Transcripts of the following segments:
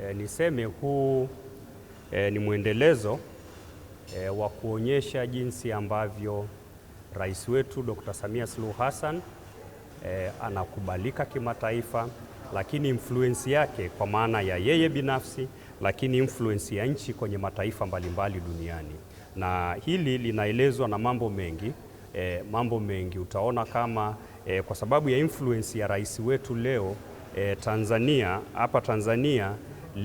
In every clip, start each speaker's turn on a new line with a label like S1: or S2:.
S1: E, niseme huu e, ni mwendelezo e, wa kuonyesha jinsi ambavyo rais wetu Dr. Samia Suluhu Hassan e, anakubalika kimataifa, lakini influence yake kwa maana ya yeye binafsi, lakini influence ya nchi kwenye mataifa mbalimbali duniani, na hili linaelezwa na mambo mengi e, mambo mengi utaona kama e, kwa sababu ya influence ya rais wetu leo e, Tanzania hapa Tanzania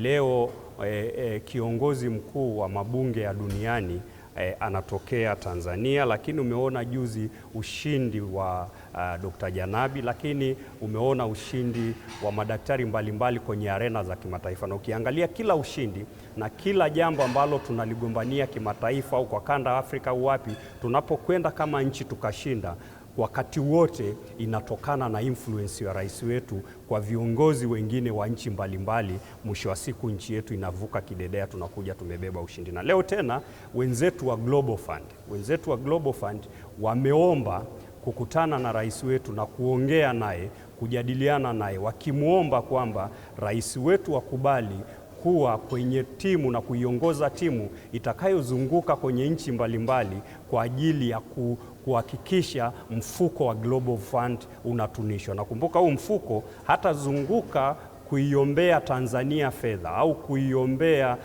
S1: leo e, e, kiongozi mkuu wa mabunge ya duniani e, anatokea Tanzania, lakini umeona juzi ushindi wa uh, ah, Dr. Janabi, lakini umeona ushindi wa madaktari mbalimbali kwenye arena za kimataifa, na ukiangalia kila ushindi na kila jambo ambalo tunaligombania kimataifa au kwa kanda Afrika, wapi tunapokwenda kama nchi tukashinda wakati wote inatokana na influence ya rais wetu kwa viongozi wengine wa nchi mbalimbali. Mwisho wa siku nchi yetu inavuka kidedea, tunakuja tumebeba ushindi. Na leo tena wenzetu wa Global Fund, wenzetu wa Global Fund wameomba kukutana na rais wetu na kuongea naye, kujadiliana naye, wakimwomba kwamba rais wetu akubali kuwa kwenye timu na kuiongoza timu itakayozunguka kwenye nchi mbalimbali kwa ajili ya ku, kuhakikisha mfuko wa Global Fund unatunishwa. Nakumbuka huu mfuko hatazunguka kuiombea Tanzania fedha au kuiombea,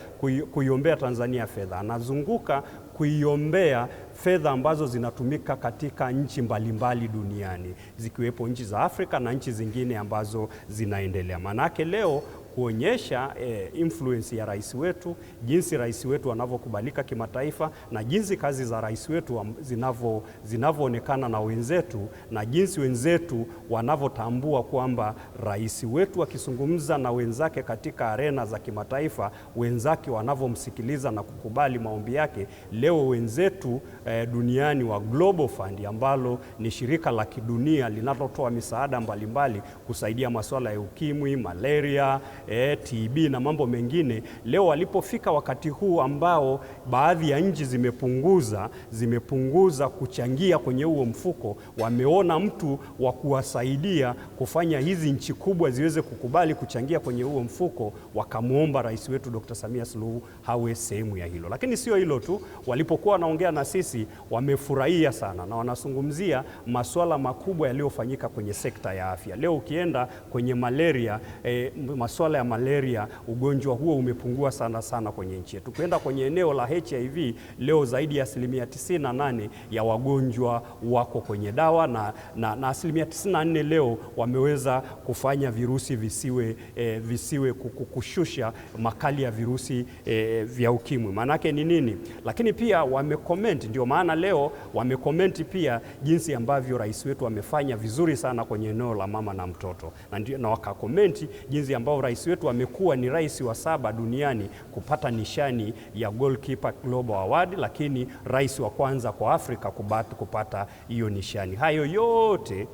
S1: kuiombea Tanzania fedha, anazunguka kuiombea fedha ambazo zinatumika katika nchi mbalimbali duniani zikiwepo nchi za Afrika na nchi zingine ambazo zinaendelea. Maanake leo kuonyesha eh, influence ya rais wetu, jinsi rais wetu anavyokubalika kimataifa na jinsi kazi za rais wetu zinavyo zinavyoonekana na wenzetu na jinsi wenzetu wanavyotambua kwamba rais wetu akizungumza na wenzake katika arena za kimataifa, wenzake wanavyomsikiliza na kukubali maombi yake. Leo wenzetu eh, duniani wa Global Fund ambalo ni shirika la kidunia linalotoa misaada mbalimbali kusaidia masuala ya ukimwi, malaria e, eh, TB na mambo mengine. Leo walipofika wakati huu ambao baadhi ya nchi zimepunguza zimepunguza kuchangia kwenye huo mfuko, wameona mtu wa kuwasaidia kufanya hizi nchi kubwa ziweze kukubali kuchangia kwenye huo mfuko, wakamwomba rais wetu Dr. Samia Suluhu hawe sehemu ya hilo. Lakini sio hilo tu, walipokuwa wanaongea na sisi wamefurahia sana na wanazungumzia masuala makubwa yaliyofanyika kwenye sekta ya afya. Leo ukienda kwenye malaria e, eh, masuala ya malaria, ugonjwa huo umepungua sana sana kwenye nchi yetu. Kwenda kwenye eneo la HIV, leo zaidi ya asilimia 98 ya wagonjwa wako kwenye dawa na, na, na asilimia 94 leo wameweza kufanya virusi visiwe, eh, visiwe kushusha makali ya virusi eh, vya ukimwi. Maanake ni nini? Lakini pia wamecomment, ndio maana leo wamekomenti pia jinsi ambavyo rais wetu amefanya vizuri sana kwenye eneo la mama na mtoto na, na wakakomenti jinsi ambavyo rais rais wetu amekuwa ni rais wa saba duniani kupata nishani ya Goalkeeper Global Award, lakini rais wa kwanza kwa Afrika kubati kupata hiyo nishani. Hayo yote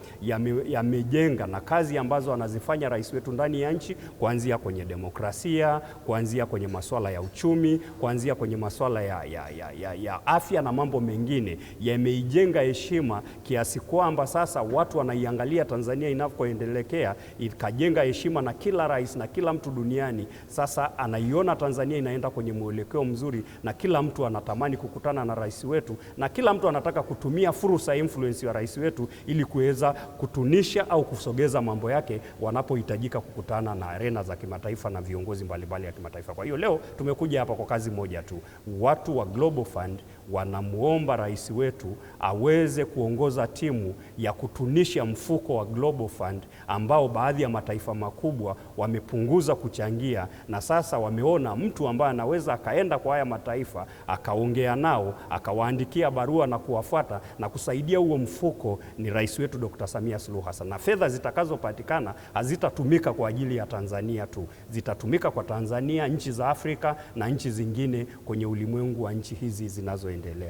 S1: yamejenga ya na kazi ambazo anazifanya rais wetu ndani ya nchi, kuanzia kwenye demokrasia, kuanzia kwenye masuala ya uchumi, kuanzia kwenye masuala ya, ya, ya, ya, ya afya na mambo mengine, yameijenga heshima kiasi kwamba sasa watu wanaiangalia Tanzania inavyoendelekea, ikajenga heshima na kila rais na kila mtu duniani sasa anaiona Tanzania inaenda kwenye mwelekeo mzuri, na kila mtu anatamani kukutana na rais wetu, na kila mtu anataka kutumia fursa ya influence ya rais wetu ili kuweza kutunisha au kusogeza mambo yake wanapohitajika kukutana na arena za kimataifa na viongozi mbalimbali ya kimataifa. Kwa hiyo leo tumekuja hapa kwa kazi moja tu, watu wa Global Fund wanamwomba rais wetu aweze kuongoza timu ya kutunisha mfuko wa Global Fund ambao baadhi ya mataifa makubwa wamepunguza kuchangia, na sasa wameona mtu ambaye anaweza akaenda kwa haya mataifa akaongea nao akawaandikia barua na kuwafuata na kusaidia huo mfuko ni rais wetu Dr. Samia Suluhu Hassan, na fedha zitakazopatikana hazitatumika kwa ajili ya Tanzania tu, zitatumika kwa Tanzania, nchi za Afrika na nchi zingine kwenye ulimwengu wa nchi hizi zinazo yanayoendelea.